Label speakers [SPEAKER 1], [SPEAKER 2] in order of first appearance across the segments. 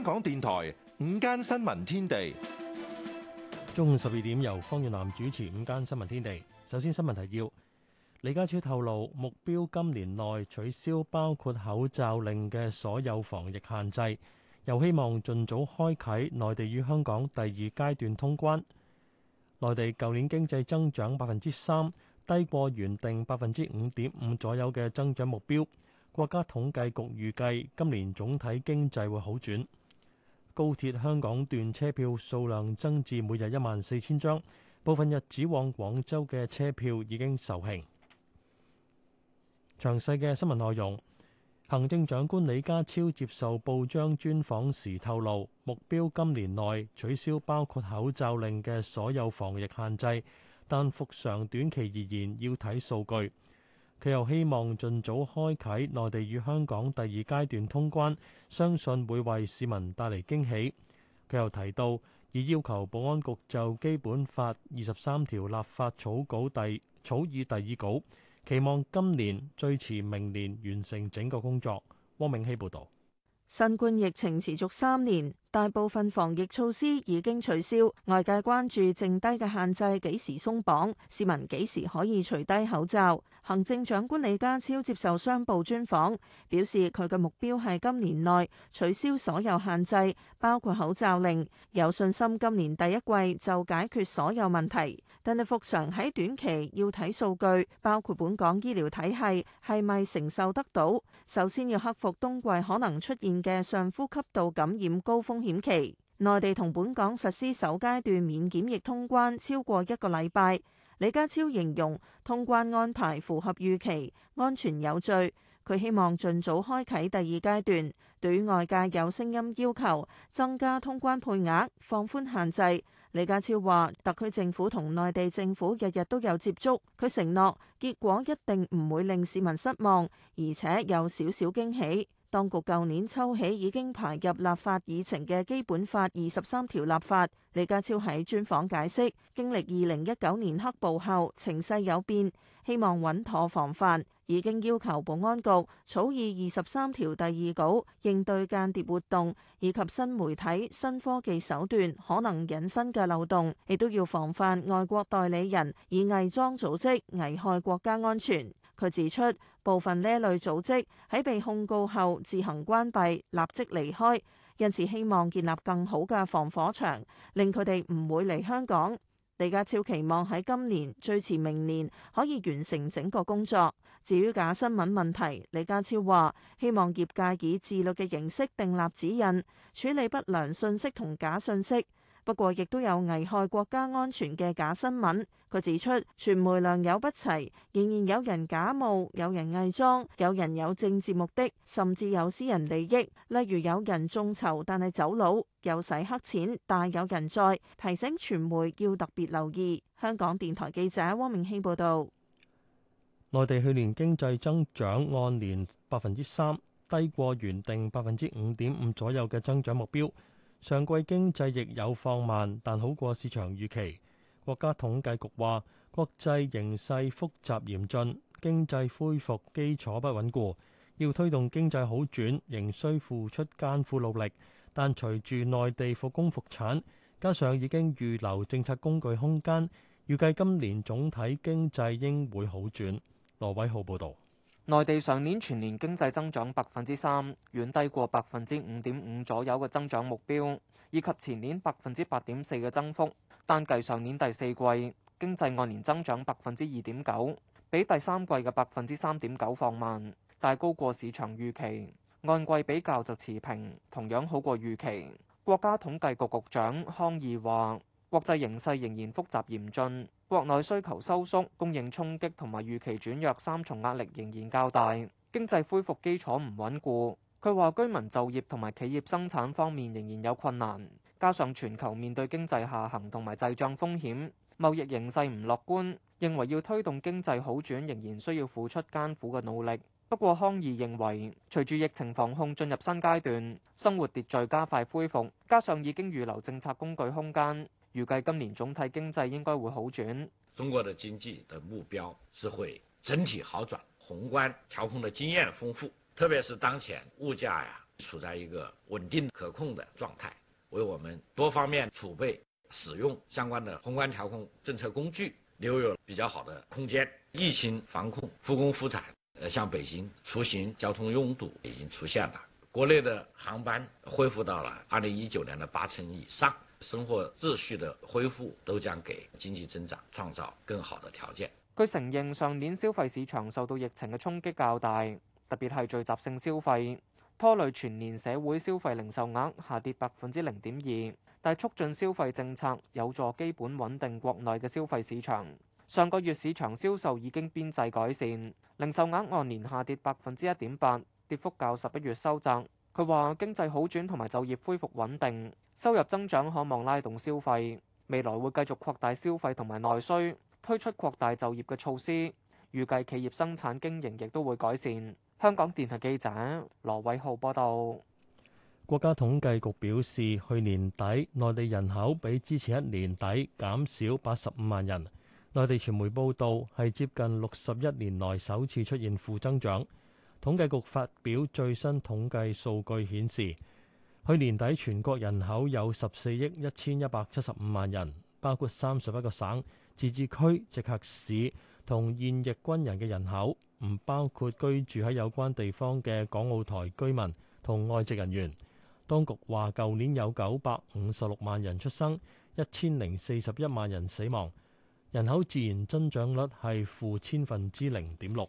[SPEAKER 1] 香港電台午間新聞天地，中午十二點由方月南主持《午間新聞天地》。首先，新聞提要：李家超透露目標今年內取消包括口罩令嘅所有防疫限制，又希望盡早開啟內地與香港第二階段通關。內地舊年經濟增長百分之三，低過原定百分之五點五左右嘅增長目標。國家統計局預計今年總體經濟會好轉。高鐵香港段車票數量增至每日一萬四千張，部分日子往廣州嘅車票已經售罄。詳細嘅新聞內容，行政長官李家超接受報章專訪時透露，目標今年內取消包括口罩令嘅所有防疫限制，但復常短期而言要睇數據。佢又希望盡早開啓內地與香港第二階段通關，相信會為市民帶嚟驚喜。佢又提到，已要求保安局就《基本法》二十三條立法草稿第草擬第二稿，期望今年最遲明年完成整個工作。汪明希報導。
[SPEAKER 2] 新冠疫情持續三年。大部分防疫措施已經取消，外界關注剩低嘅限制幾時鬆綁，市民幾時可以除低口罩。行政長官李家超接受商報專訪，表示佢嘅目標係今年內取消所有限制，包括口罩令，有信心今年第一季就解決所有問題，但係復常喺短期要睇數據，包括本港醫療體系係咪承受得到。首先要克服冬季可能出現嘅上呼吸道感染高峰。險期，內地同本港實施首階段免檢疫通關超過一個禮拜。李家超形容通關安排符合預期，安全有序。佢希望盡早開啟第二階段。對外界有聲音要求增加通關配額、放寬限制，李家超話特區政府同內地政府日日都有接觸，佢承諾結果一定唔會令市民失望，而且有少少驚喜。當局舊年秋起已經排入立法議程嘅基本法二十三條立法，李家超喺專訪解釋，經歷二零一九年黑暴後情勢有變，希望穩妥防範，已經要求保安局草擬二十三條第二稿，應對間諜活動以及新媒體新科技手段可能引申嘅漏洞，亦都要防範外國代理人以偽裝組織危害國家安全。佢指出，部分呢一類組織喺被控告後自行關閉，立即離開，因此希望建立更好嘅防火牆，令佢哋唔會嚟香港。李家超期望喺今年最遲明年可以完成整個工作。至於假新聞問題，李家超話希望業界以自律嘅形式訂立指引，處理不良信息同假信息。不過，亦都有危害國家安全嘅假新聞。佢指出，傳媒良莠不齊，仍然有人假冒，有人偽裝，有人有政治目的，甚至有私人利益。例如有人眾籌，但係走佬，有洗黑錢，大有人在。提醒傳媒要特別留意。香港電台記者汪明興報導。
[SPEAKER 1] 內地去年經濟增長按年百分之三，低過原定百分之五點五左右嘅增長目標。上季經濟亦有放慢，但好過市場預期。國家統計局話，國際形勢複雜嚴峻，經濟恢復基礎不穩固，要推動經濟好轉，仍需付出艱苦努力。但隨住內地復工復產，加上已經預留政策工具空間，預計今年總體經濟應會好轉。羅偉浩報導。內
[SPEAKER 3] 地上年全年經濟增長百分之三，遠低過百分之五點五左右嘅增長目標，以及前年百分之八點四嘅增幅。單計上年第四季經濟按年增長百分之二點九，比第三季嘅百分之三點九放慢，但高過市場預期。按季比較就持平，同樣好過預期。國家統計局局長康義話：國際形勢仍然複雜嚴峻。國內需求收縮、供應衝擊同埋預期轉弱三重壓力仍然較大，經濟恢復基礎唔穩固。佢話居民就業同埋企業生產方面仍然有困難，加上全球面對經濟下行同埋滯脹風險，貿易形勢唔樂觀。認為要推動經濟好轉，仍然需要付出艱苦嘅努力。不過康義認為，隨住疫情防控進入新階段，生活秩序加快恢復，加上已經預留政策工具空間。預計今年總體經濟應該會好轉。
[SPEAKER 4] 中國的經濟的目標是會整體好轉，宏觀調控的經驗豐富，特別是當前物價呀，處在一個穩定可控的狀態，
[SPEAKER 5] 為我們
[SPEAKER 4] 多方面儲備使用相關的宏觀調控政策工具留有比較好的空間。疫情防控、復工復產，呃，像，北京出行交通擁堵已經出現了，國內的航班恢復到了二零一九年的八成以上。生活秩序的恢復，都將給經濟增長創造更好的條件。
[SPEAKER 3] 佢承認上年消費市場受到疫情嘅衝擊較大，特別係聚集性消費拖累全年社會消費零售額下跌百分之零點二，但促進消費政策有助基本穩定國內嘅消費市場。上個月市場銷售已經邊際改善，零售額按年下跌百分之一點八，跌幅較十一月收窄。佢話經濟好轉同埋就業恢復穩定，收入增長可望拉動消費，未來會繼續擴大消費同埋內需，推出擴大就業嘅措施。預計企業生產經營亦都會改善。香港電台記者羅偉浩報道。
[SPEAKER 1] 國家統計局表示，去年底內地人口比之前一年底減少八十五萬人。內地傳媒報道係接近六十一年來首次出現負增長。統計局發表最新統計數據顯示，去年底全國人口有十四億一千一百七十五萬人，包括三十一個省、自治區、直轄市同現役軍人嘅人口，唔包括居住喺有關地方嘅港澳台居民同外籍人員。當局話，舊年有九百五十六萬人出生，一千零四十一萬人死亡，人口自然增長率係負千分之零點六。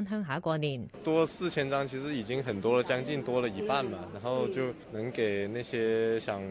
[SPEAKER 5] 鄉下過年
[SPEAKER 1] 多四千張，其實已經很多了，將近多了一半嘛。然後就能給那些想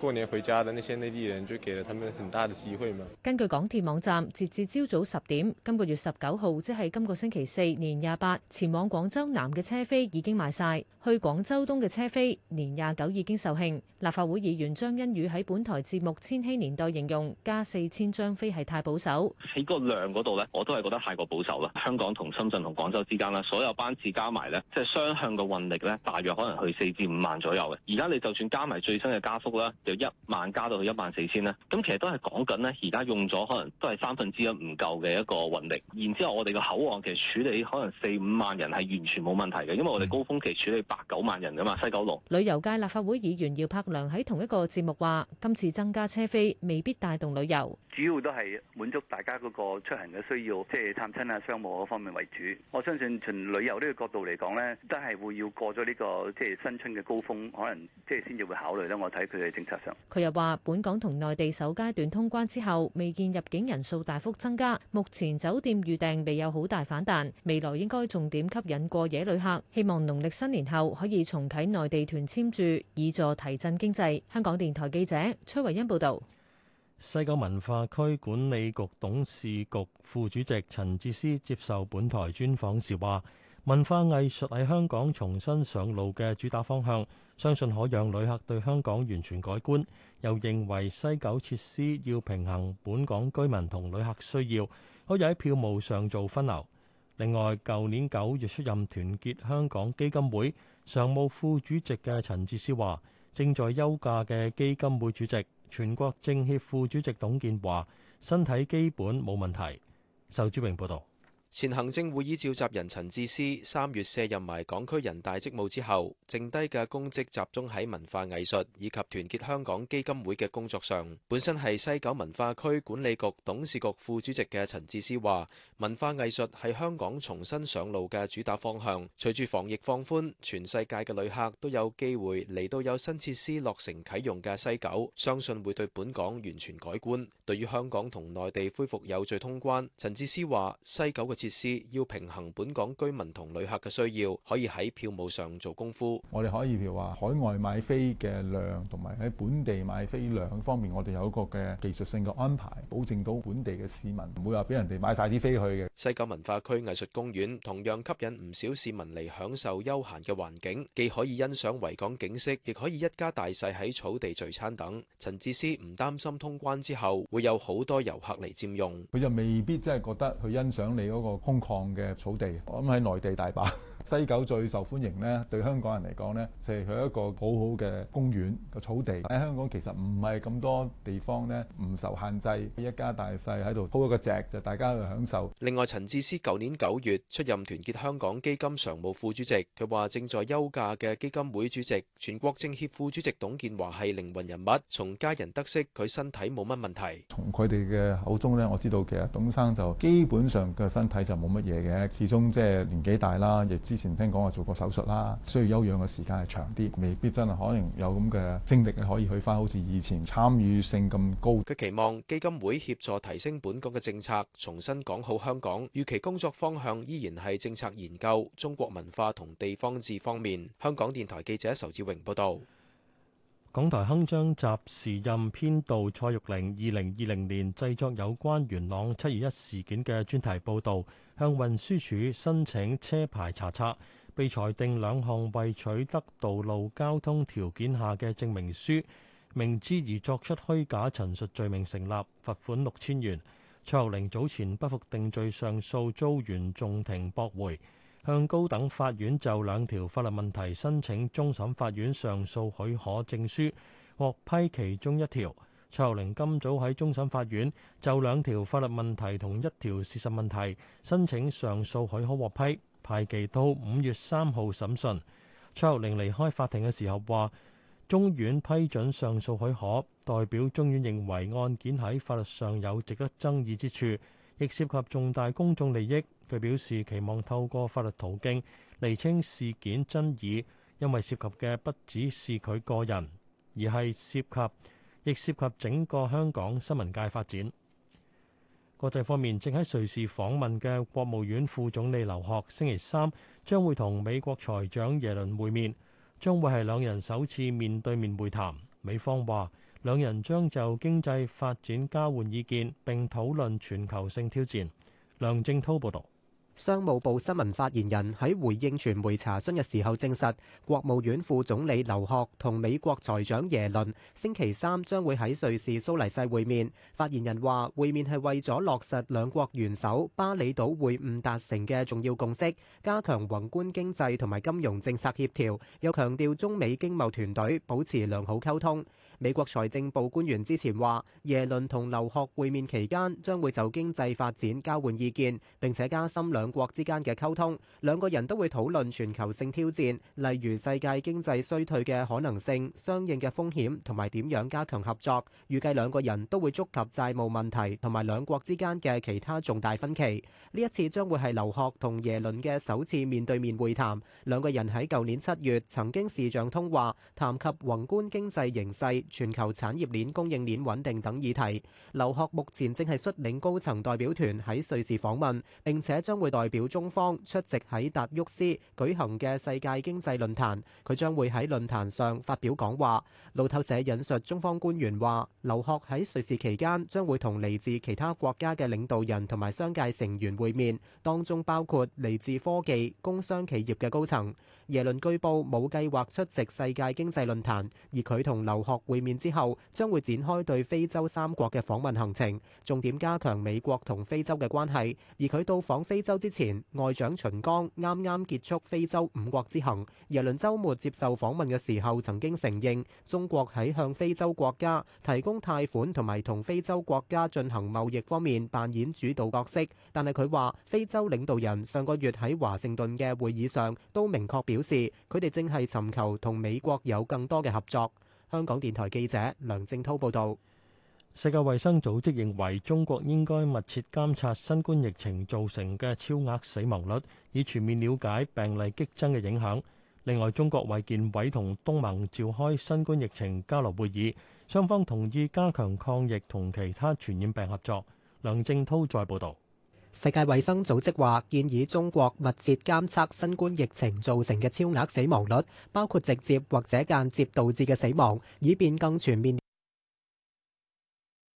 [SPEAKER 1] 過年回家的那些內地人，就給了他們很大的機會嘛。
[SPEAKER 5] 根據港鐵網站，截至朝早十點，今個月十九號，即係今個星期四，年廿八前往廣州南嘅車飛已經賣晒，去廣州東嘅車飛年廿九已經售罄。立法會議員張欣宇喺本台節目《千禧年代》形容，加四千張飛係太保守。
[SPEAKER 6] 喺個量嗰度呢，我都係覺得太過保守啦。香港同深圳同廣州就之間啦，所有班次加埋咧，即係雙向嘅運力咧，大約可能去四至五萬左右嘅。而家你就算加埋最新嘅加幅咧，就一萬加到去一萬四千啦。咁其實都係講緊咧，而家用咗可能都係三分之一唔夠嘅一個運力。然之後我哋個口岸其實處理可能四五萬人係完全冇問題嘅，因為我哋高峰期處理八九萬人噶嘛，西九龍。
[SPEAKER 5] 旅遊界立法會議員姚柏良喺同一個節目話，今次增加車飛未必帶動旅遊，
[SPEAKER 7] 主要都係滿足大家嗰個出行嘅需要，即係探親啊、商務嗰方面為主。相信從旅遊呢個角度嚟講咧，都係會要過咗呢個即係新春嘅高峰，可能
[SPEAKER 1] 即係先至會考慮咧。我睇佢嘅政策上，
[SPEAKER 5] 佢又話，本港同內地首階段通關之後，未見入境人數大幅增加，目前酒店預訂未有好大反彈，未來應該重點吸引過夜旅客。希望農曆新年後可以重啟內地團簽注，以助提振經濟。香港電台記者崔維恩報導。
[SPEAKER 1] 西九文化區管理局董事局副主席陳智思接受本台專訪時話，文化藝術喺香港重新上路嘅主打方向，相信可讓旅客對香港完全改觀。又認為西九設施要平衡本港居民同旅客需要，可以喺票務上做分流。另外，舊年九月出任團結香港基金會常務副主席嘅陳智思話，正在休假嘅基金會主席，全國政協副主席董建華身體基本冇問題。仇志榮報導。
[SPEAKER 6] 前行政會議召集人陳智思三月卸任埋港區人大職務之後，剩低嘅公職集中喺文化藝術以及團結香港基金會嘅工作上。本身係西九文化區管理局董事局副主席嘅陳智思話，文化藝術係香港重新上路嘅主打方向。隨住防疫放寬，全世界嘅旅客都有機會嚟到有新設施落成啟用嘅西九，相信會對本港完全改觀，對於香港同內地恢復有序通關，陳智思話西九嘅設施要平衡本港居民同旅客嘅需要，可以喺票務上做功夫。
[SPEAKER 8] 我哋可以譬如話海外買飛嘅量，同埋喺本地買飛量方面，我哋有一個嘅技術性嘅安排，保證到本地嘅市民唔會話俾人哋買晒啲飛去嘅。
[SPEAKER 6] 西九文化區藝術公園同樣吸引唔少市民嚟享受休閒嘅環境，既可以欣賞維港景色，亦可以一家大細喺草地聚餐等。陳智思唔擔心通關之後會有好多遊客嚟佔用，
[SPEAKER 8] 佢就未必真係覺得去欣賞你嗰個。空曠嘅草地，我諗喺內地大把西九最受歡迎呢，對香港人嚟講呢，就係佢一個好好嘅公園個草地喺香港，其實唔係咁多地方呢，唔受限制，一家大細喺度鋪一個席，就大家去享受。
[SPEAKER 6] 另外，陳智思舊年九月出任團結香港基金常務副主席，佢話正在休假嘅基金會主席、全國政協副主席董建華係靈魂人物，從家人得悉佢身體冇乜問題，
[SPEAKER 8] 從佢哋嘅口中呢，我知道其實董生就基本上嘅身體。就冇乜嘢嘅，始終即係年紀大啦，亦之前聽講話做過手術啦，需要休養嘅時間係長啲，未必真係可能有咁嘅精力可以去翻，好似以前參與性咁高。佢
[SPEAKER 6] 期望基金會協助提升本港嘅政策，重新講好香港。預期工作方向依然係政策研究、中國文化同地方志方面。香港電台記者仇志榮報道。
[SPEAKER 1] 港台鏗鏘集時任編導蔡玉玲，二零二零年製作有關元朗七二一事件嘅專題報道，向運輸署申請車牌查冊，被裁定兩項為取得道路交通條件下嘅證明書，明知而作出虛假陳述罪，罪名成立，罰款六千元。蔡玉玲早前不服定罪上訴，遭原訟庭駁回。向高等法院就兩條法律問題申請終審法院上訴許可證書，獲批其中一條。蔡玉玲今早喺終審法院就兩條法律問題同一條事實問題申請上訴許可獲批，排期到五月三號審訊。蔡玉玲離開法庭嘅時候話：中院批准上訴許可，代表中院認為案件喺法律上有值得爭議之處，亦涉及重大公眾利益。佢表示期望透過法律途徑釐清事件真偽，因為涉及嘅不只是佢個人，而係涉及亦涉及整個香港新聞界發展。國際方面，正喺瑞士訪問嘅國務院副總理劉鶴，星期三將會同美國財長耶倫會面，將會係兩人首次面對面會談。美方話兩人將就經濟發展交換意見，並討論全球性挑戰。梁正滔報道。
[SPEAKER 9] 商務部新聞發言人喺回應傳媒查詢嘅時候證實，國務院副總理劉鶴同美國財長耶倫星期三將會喺瑞士蘇黎世會面。發言人話會面係為咗落實兩國元首巴厘島會晤達成嘅重要共識，加強宏觀經濟同埋金融政策協調，又強調中美經貿團隊保持良好溝通。美國財政部官員之前話耶倫同劉鶴會面期間將會就經濟發展交換意見，並且加深兩。兩國之間嘅溝通，兩個人都會討論全球性挑戰，例如世界經濟衰退嘅可能性、相應嘅風險同埋點樣加強合作。預計兩個人都會觸及債務問題同埋兩國之間嘅其他重大分歧。呢一次將會係劉鶴同耶倫嘅首次面對面會談。兩個人喺舊年七月曾經視像通話，談及宏觀經濟形勢、全球產業鏈供應鏈穩定等議題。劉鶴目前正係率領高層代表團喺瑞士訪問，並且將會。代表中方出席喺達沃斯舉行嘅世界經濟論壇，佢將會喺論壇上發表講話。路透社引述中方官員話，劉鶴喺瑞士期間將會同嚟自其他國家嘅領導人同埋商界成員會面，當中包括嚟自科技、工商企業嘅高層。耶倫據報冇計劃出席世界經濟論壇，而佢同劉鶴會面之後，將會展開對非洲三國嘅訪問行程，重點加強美國同非洲嘅關係。而佢到訪非洲。之前，外長秦剛啱啱結束非洲五國之行，耶倫周末接受訪問嘅時候，曾經承認中國喺向非洲國家提供貸款同埋同非洲國家進行貿易方面扮演主導角色。但係佢話非洲領導人上個月喺華盛頓嘅會議上都明確表示，佢哋正係尋求同美國有更多嘅合作。香港電台記者梁正濤報道。世界衛生組織認為
[SPEAKER 1] 中國應該密切監察新冠疫情造成嘅超額死亡率，以全面了解病例激增嘅影響。另外，中國衞健委同東盟召開新冠疫情交流會議，雙方同意加強抗疫同其他傳染病合作。
[SPEAKER 9] 梁正濤再報導，世界衛生組織話建議中國密切監測新冠疫情造成嘅超額死亡率，包括直接或者間接導致嘅死亡，以便更全面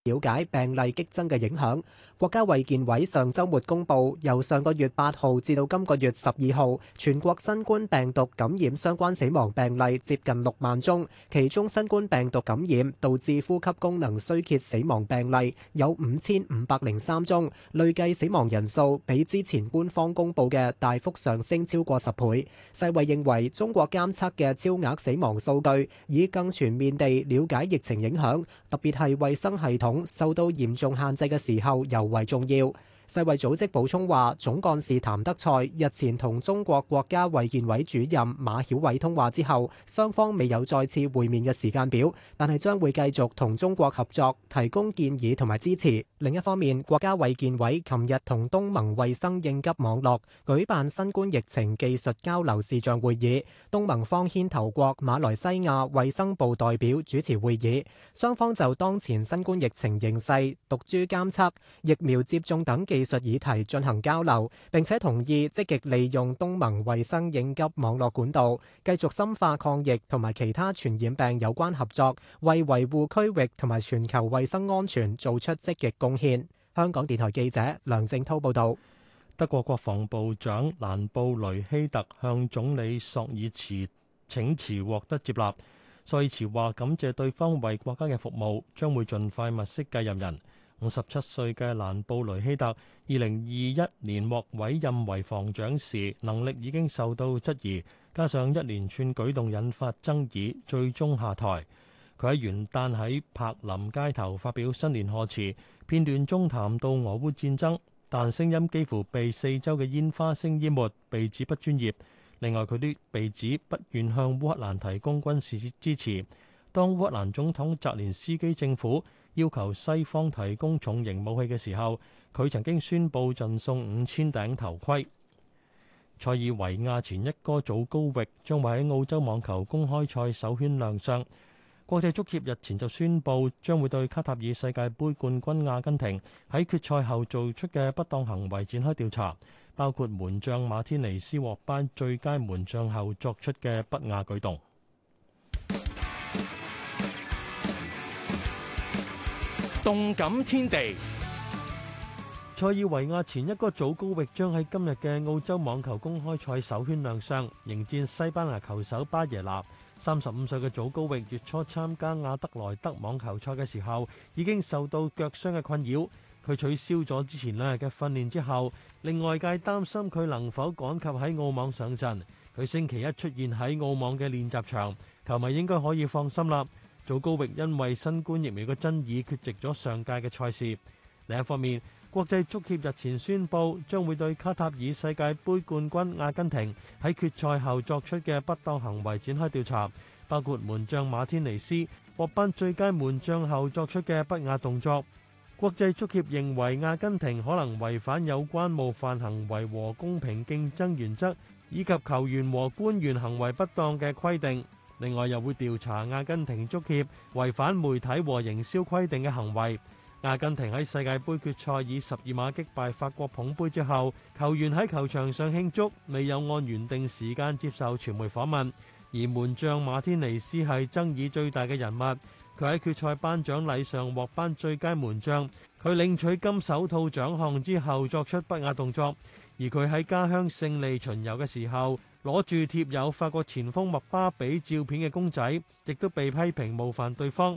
[SPEAKER 9] 了解病例激增嘅影響。國家衛健委上周末公布，由上個月八號至到今個月十二號，全國新冠病毒感染相關死亡病例接近六萬宗，其中新冠病毒感染導致呼吸功能衰竭死亡病例有五千五百零三宗，累計死亡人數比之前官方公布嘅大幅上升超過十倍。世衛認為，中國監測嘅超額死亡數據，以更全面地了解疫情影響，特別係衛生系統，受到嚴重限制嘅時候，尤為重要。世衛組織補充話，總幹事譚德塞日前同中國國家衛健委主任馬曉偉通話之後，雙方未有再次會面嘅時間表，但係將會繼續同中國合作，提供建議同埋支持。另一方面，國家衛健委琴日同東盟衛生應急網絡舉辦新冠疫情技術交流視像會議，東盟方牽頭國馬來西亞衛生部代表主持會議，雙方就當前新冠疫情形勢、毒株監測、疫苗接種等技術議題進行交流，並且同意積極利用東盟衛生應急網絡管道，繼續深化抗疫同埋其他傳染病有關合作，為維護區域同埋全球衛生安全做出積極貢。貢獻。香港電台記者梁正濤報導，德國國防部長蘭布
[SPEAKER 1] 雷希特向總理朔爾茨請辭，獲得接納。朔爾茨話感謝對方為國家嘅服務，將會盡快物色繼任人。五十七歲嘅蘭布雷希特，二零二一年獲委任為防長時，能力已經受到質疑，加上一連串舉動引發爭議，最終下台。佢喺元旦喺柏林街頭發表新年賀詞。片段中談到俄烏戰爭，但聲音幾乎被四周嘅煙花聲淹沒，被指不專業。另外，佢啲被指不願向烏克蘭提供軍事支持。當烏克蘭總統澤連斯基政府要求西方提供重型武器嘅時候，佢曾經宣布贈送五千頂頭盔。塞爾維亞前一哥祖高域將會喺澳洲網球公開賽首圈亮相。國際足協日前就宣布，將會對卡塔爾世界盃冠軍阿根廷喺決賽後做出嘅不當行為展開調查，包括門將馬天尼斯獲頒最佳門將後作出嘅不雅舉動。動感天地。塞爾維亞前一個祖高域將喺今日嘅澳洲網球公開賽首圈亮相，迎戰西班牙球手巴耶納。三十五歲嘅祖高域月初參加亞德萊德網球賽嘅時候，已經受到腳傷嘅困擾。佢取消咗之前兩日嘅訓練之後，令外界擔心佢能否趕及喺澳網上陣。佢星期一出現喺澳網嘅練習場，球迷應該可以放心啦。祖高域因為新冠疫苗嘅爭議缺席咗上屆嘅賽事。另一方面，國際足協日前宣布，將會對卡塔爾世界盃冠軍阿根廷喺決賽後作出嘅不當行為展開調查，包括門將馬天尼斯獲頒最佳門將後作出嘅不雅動作。國際足協認為阿根廷可能違反有關冒犯行為和公平競爭原則，以及球員和官員行為不當嘅規定。另外，又會調查阿根廷足協違反媒體和營銷規定嘅行為。阿根廷喺世界盃決賽以十二碼擊敗法國捧盃之後，球員喺球場上慶祝，未有按原定時間接受傳媒訪問，而門將馬天尼斯係爭議最大嘅人物，佢喺決賽頒獎禮上獲頒最佳門將，佢領取金手套獎項之後作出不雅動作。而佢喺家鄉勝利巡遊嘅時候，攞住貼有法國前鋒麥巴比照片嘅公仔，亦都被批評冒犯對方。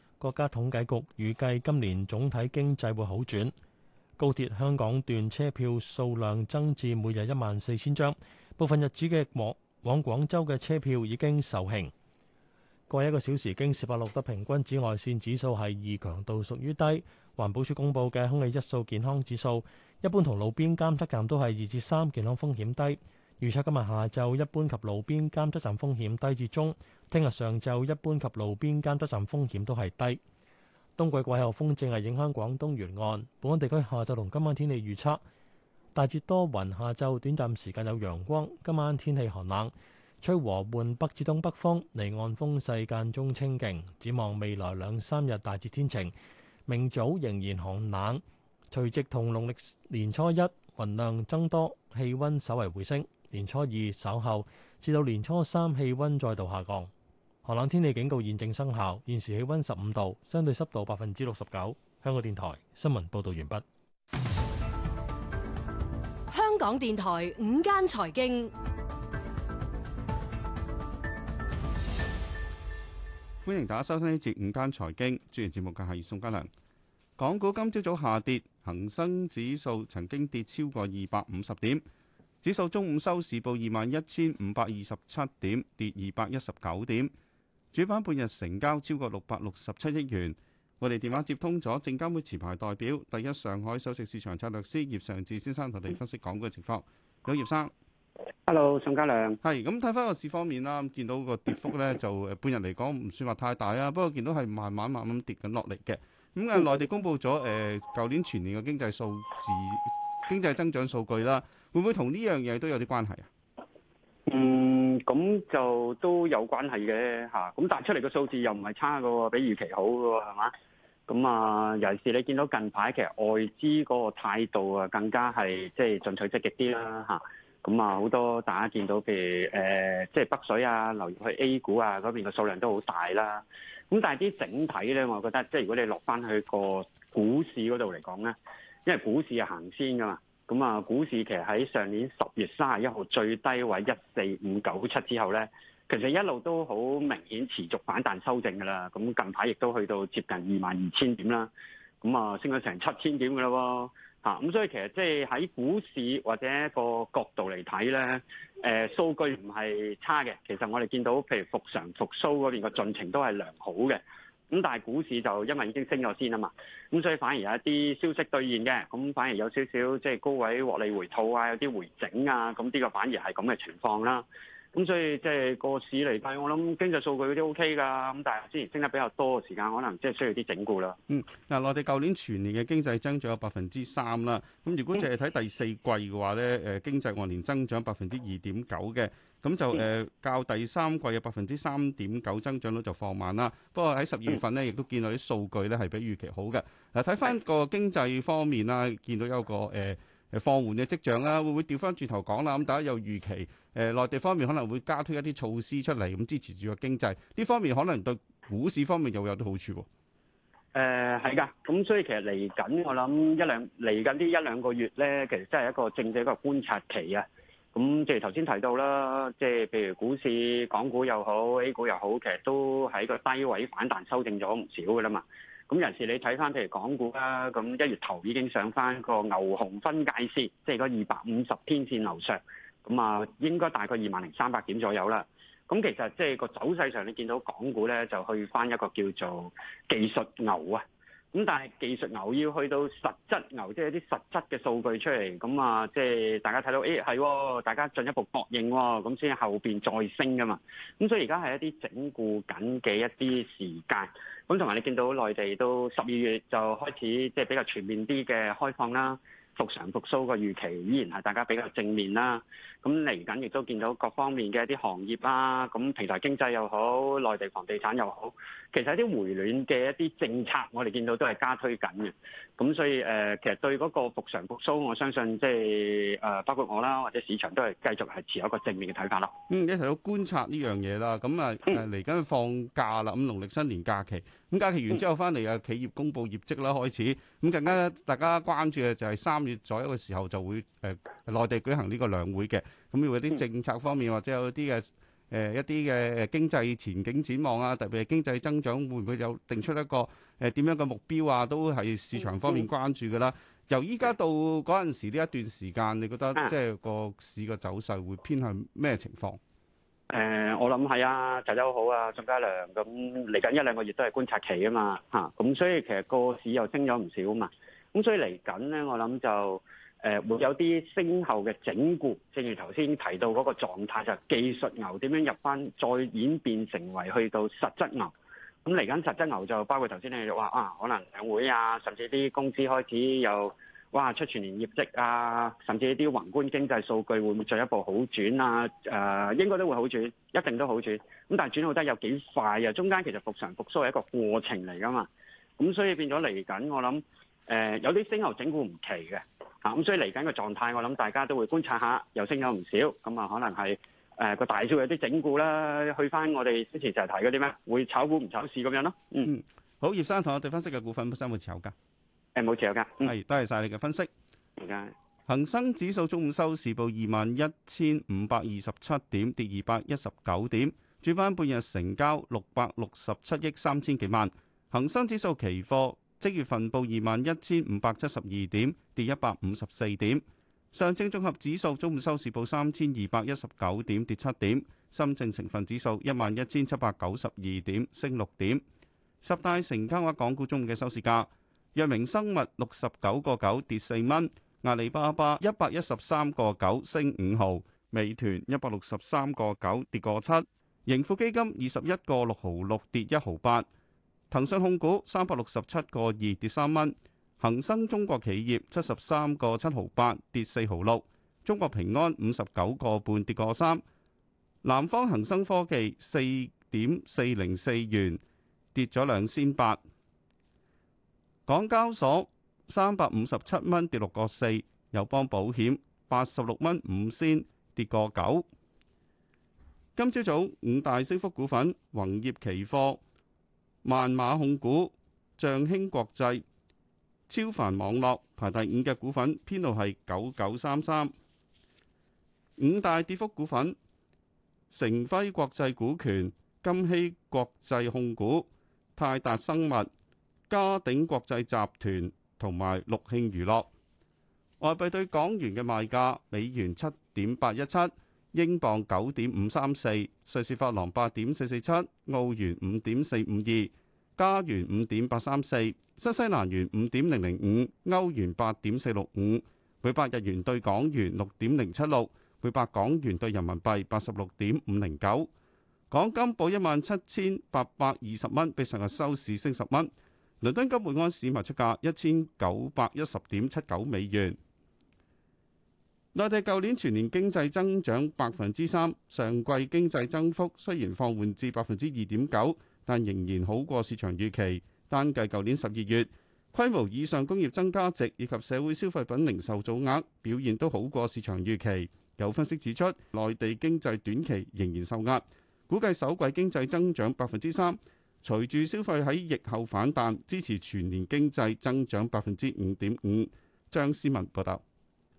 [SPEAKER 1] 國家統計局預計今年總體經濟會好轉。高鐵香港段車票數量增至每日一萬四千張，部分日子嘅往廣州嘅車票已經售罄。過一個小時，京士柏錄得平均紫外線指數係二，強度屬於低。環保署公布嘅空氣質素健康指數，一般同路邊監測站都係二至三，健康風險低。預測今日下晝一般及路邊監測站風險低至中。聽日上晝一般及路邊監測站風險都係低。冬季季候風正係影響廣東沿岸，本港地區下晝同今晚天氣預測，大致多雲，下晝短暫時間有陽光，今晚天氣寒冷，吹和緩北至東北風，離岸風勢間中清勁。展望未來兩三日大致天晴，明早仍然寒冷，除夕同農曆年初一雲量增多，氣温稍為回升。年初二稍後，至到年初三氣温再度下降。寒冷天氣警告現正生效，現時氣溫十五度，相對濕度百分之六十九。香港電台新聞報道完畢。
[SPEAKER 5] 香港電台午間財經，
[SPEAKER 7] 歡迎大家收聽呢節午間財經。主持節目嘅係宋家良。港股今朝早下跌，恒生指數曾經跌超過二百五十點，指數中午收市報二萬一千五百二十七點，跌二百一十九點。主板半日成交超過六百六十七億元，我哋電話接通咗證監會持牌代表、第一上海首席市場策略師葉尚志先生同你分析港股嘅情況。你好，葉生。Hello，宋嘉良。係，咁睇翻個市方面啦，見到個跌幅咧，就誒，半日嚟講唔算話太大啊，不過見到係慢慢慢慢跌緊落嚟嘅。咁啊，內地公布咗誒，舊年全年嘅經濟數字、經濟增長數據啦，會唔會同呢樣嘢都有啲關係啊？
[SPEAKER 4] 嗯，咁就都有關係嘅吓，咁但係出嚟個數字又唔係差噶，比預期好噶係嘛？咁啊，尤其是你見到近排其實外資嗰個態度、就是、啊，更加係即係進取積極啲啦吓。咁啊，好多大家見到譬如誒、呃，即係北水啊，流入去 A 股啊嗰邊嘅數量都好大啦。咁但係啲整體咧，我覺得即係如果你落翻去個股市嗰度嚟講咧，因為股市係行先噶嘛。咁啊、嗯，股市其實喺上年十月三十一號最低位一四五九七之後咧，其實一路都好明顯持續反彈修正噶啦。咁近排亦都去到接近二萬二千點啦。咁、嗯、啊，升咗成七千點噶啦喎，咁、嗯、所以其實即係喺股市或者個角度嚟睇咧，誒、呃、數據唔係差嘅。其實我哋見到譬如復常復甦嗰邊個進程都係良好嘅。咁但係股市就因為已經升咗先啊嘛，咁所以反而有一啲消息兌現嘅，咁反而有少少即係高位獲利回吐啊，有啲回整啊，咁呢個反而係咁嘅情況啦。咁所以即係個市嚟睇，我諗經濟數據嗰啲 O K 㗎，咁但係之前升得比較多嘅時間，可能即係需要啲整固啦。嗯，
[SPEAKER 7] 嗱，內地舊年全年嘅經濟增長有百分之三啦。咁如果淨係睇第四季嘅話咧，誒經濟按年增長百分之二點九嘅，咁就誒、呃、較第三季嘅百分之三點九增長率就放慢啦。不過喺十二月份呢，亦都見到啲數據咧係比預期好嘅。嗱，睇翻個經濟方面啦，見到有個誒誒、呃、放緩嘅跡象啦，會唔會調翻轉頭講啦？咁大家有預期？誒內地方面可能會加推一啲措施出嚟，咁支持住個經濟。呢方面可能對股市方面又有啲好處。誒
[SPEAKER 4] 係噶，咁所以其實嚟緊，我諗一兩嚟緊呢一兩個月咧，其實真係一個政治一個觀察期啊。咁即係頭先提到啦，即係譬如股市、港股又好、A 股又好，其實都喺個低位反彈修正咗唔少噶啦嘛。咁尤其是你睇翻譬如港股啊，咁一月頭已經上翻個牛熊分界線，即係嗰二百五十天線樓上。咁啊，應該大概二萬零三百點左右啦。咁其實即係個走勢上，你見到港股咧就去返一個叫做技術牛啊。咁但係技術牛要去到實質牛，即係一啲實質嘅數據出嚟，咁啊，即係大家睇到，誒、哎、係，大家進一步確認喎，咁先後邊再升㗎嘛。咁所以而家係一啲整固緊嘅一啲時間。咁同埋你見到內地都十二月就開始即係比較全面啲嘅開放啦。復常復甦個預期依然係大家比較正面啦。咁嚟緊亦都見到各方面嘅一啲行業啦，咁平台經濟又好，內地房地產又好，其實一啲回暖嘅一啲政策，我哋見到都係加推緊嘅。咁所以誒、呃，其實對嗰個復常復甦，我相信即係誒包括我啦，或者市場都係繼續係持有一個正面嘅睇法啦。嗯，
[SPEAKER 7] 一齊都觀察呢樣嘢啦，咁啊誒，嚟緊、嗯、放假啦，咁農曆新年假期，咁假期完之後翻嚟啊，嗯、企業公布業績啦開始，咁更加大家關注嘅就係三月左右嘅時候就會誒內、呃、地舉行呢個兩會嘅，咁要有啲政策方面或者有啲嘅。嗯誒、呃、一啲嘅經濟前景展望啊，特別係經濟增長會唔會有定出一個誒點、呃、樣嘅目標啊，都係市場方面關注嘅啦。由依家到嗰陣時呢一段時間，的你覺得即係個市嘅走勢會偏向咩情況？
[SPEAKER 4] 誒、呃，我諗係啊，大家好啊，上嘉良，咁嚟緊一兩個月都係觀察期啊嘛，
[SPEAKER 7] 嚇、啊、咁所以其實
[SPEAKER 4] 個市又升咗唔少啊嘛，咁所以嚟緊咧，我諗就。誒會有啲升後嘅整固，正如頭先提到嗰個狀態，就技術牛點樣入翻，再演變成為去到實質牛。咁嚟緊實質牛就包括頭先你話啊，可能兩會啊，甚至啲公司開始又哇出全年業績啊，甚至啲宏觀經濟數據會唔會進一步好轉啊？誒、呃、應該都會好轉，一定都好轉。咁但係轉好得有幾快啊？中間其實復常復甦係一個過程嚟噶嘛。咁所以變咗嚟緊，我諗誒、呃、有啲升牛整固唔奇嘅。啊，咁所以嚟緊嘅狀態，我諗大家都會觀察下，又升咗唔少，咁啊可能係誒個大市有啲整固啦，去翻我哋之前就係提啲咩會炒股唔炒市咁樣咯。嗯，嗯，
[SPEAKER 7] 好，葉生同我哋分析嘅股份本身會持有噶？誒，冇持有噶。係、嗯，多謝晒你嘅分析。而家謝恆生指數中午收市報二萬一千五百二十七點，跌二百一十九點，主板半日成交六百六十七億三千幾萬。恒生指數期貨。即月份報二萬一千五百七十二點，跌一百五十四點。上證綜合指數中午收市報三千二百一十九點，跌七點。深證成分指數一萬一千七百九十二點，升六點。十大成交額，港股中午嘅收市價，藥明生物六十九個九跌四蚊，阿里巴巴一百一十三個九升五毫，美團一百六十三個九跌個七，盈富基金二十一個六毫六跌一毫八。騰訊控股三百六十七個二跌三蚊，恒生中國企業七十三個七毫八跌四毫六，中國平安五十九個半跌個三，南方恒生科技四點四零四元跌咗兩仙八，港交所三百五十七蚊跌六個四，友邦保險八十六蚊五仙跌個九，今朝早五大升幅股份宏業期貨。萬馬控股、象興國際、超凡網絡排第五嘅股份編號係九九三三。五大跌幅股份：成輝國際股權、金熙國際控股、泰達生物、嘉鼎國際集團同埋陸慶娛樂。外幣對港元嘅賣價，美元七點八一七。英鎊九點五三四，瑞士法郎八點四四七，澳元五點四五二，加元五點八三四，新西蘭元五點零零五，歐元八點四六五，每百日元對港元六點零七六，每百港元對人民幣八十六點五零九。港金報一萬七千八百二十蚊，比上日收市升十蚊。倫敦金每盎司賣出價一千九百一十點七九美元。內地舊年全年經濟增長百分之三，上季經濟增幅雖然放緩至百分之二點九，但仍然好過市場預期。單計舊年十二月，規模以上工業增加值以及社會消費品零售總額表現都好過市場預期。有分析指出，內地經濟短期仍然受壓，估計首季經濟增長百分之三，隨住消費喺疫後反彈，支持全年經濟增長百分之五點五。張思文報道。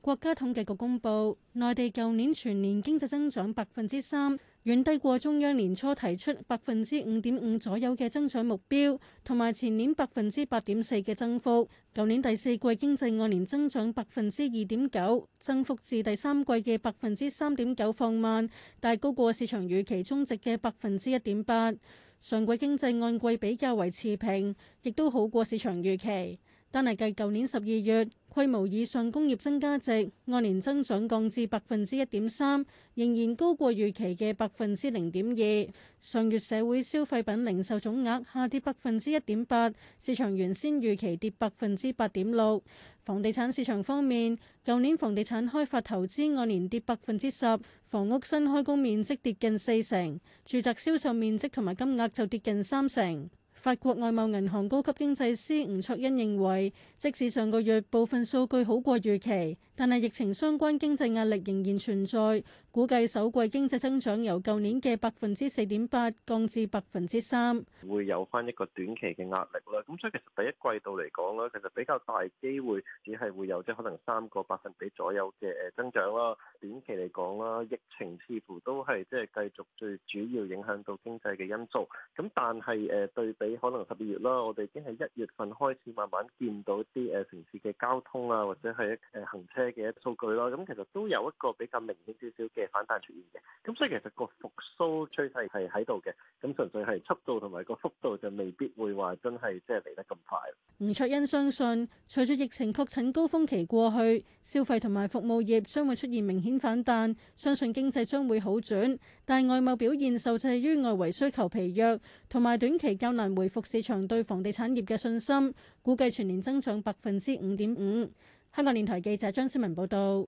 [SPEAKER 10] 國家統計局公布，內地舊年全年經濟增長百分之三，遠低過中央年初提出百分之五點五左右嘅增長目標，同埋前年百分之八點四嘅增幅。舊年第四季經濟按年增長百分之二點九，增幅至第三季嘅百分之三點九放慢，但高過市場預期中值嘅百分之一點八。上季經濟按季比較為持平，亦都好過市場預期。單係計舊年十二月規模以上工業增加值按年增長降至百分之一點三，仍然高過預期嘅百分之零點二。上月社會消費品零售總額下跌百分之一點八，市場原先預期跌百分之八點六。房地產市場方面，舊年房地產開發投資按年跌百分之十，房屋新開工面積跌近四成，住宅銷售面積同埋金額就跌近三成。法國外貿銀行高級經濟師吳卓恩認為，即使上個月部分數據好過預期，但係疫情相關經濟壓力仍然存在。估計首季經濟增長由舊年嘅百分之四點八降至百分之三，
[SPEAKER 4] 會有返一個短期嘅壓力啦。咁所以其實第一季度嚟講啦，其實比較大機會只係會有即係可能三個百分比左右嘅誒增長啦。短期嚟講啦，疫情似乎都係即係繼續最主要影響到經濟嘅因素。咁但係誒對比可能十二月啦，我哋已經係一月份開始慢慢見到啲誒城市嘅交通啊，或者係誒行車嘅數據啦。咁其實都有一個比較明顯少少嘅反彈出現嘅，咁所以其實個復甦趨勢係喺度嘅，咁純粹係速度同埋個幅度就未必會話真係即係嚟得咁快。吳
[SPEAKER 10] 卓欣相信，隨住疫情確診高峰期過去，消費同埋服務業將會出現明顯反彈，相信經濟將會好轉。但外貿表現受制於外圍需求疲弱，同埋短期較難回復市場對房地產業嘅信心，估計全年增長百分之五點五。香港電台記者張思文報道。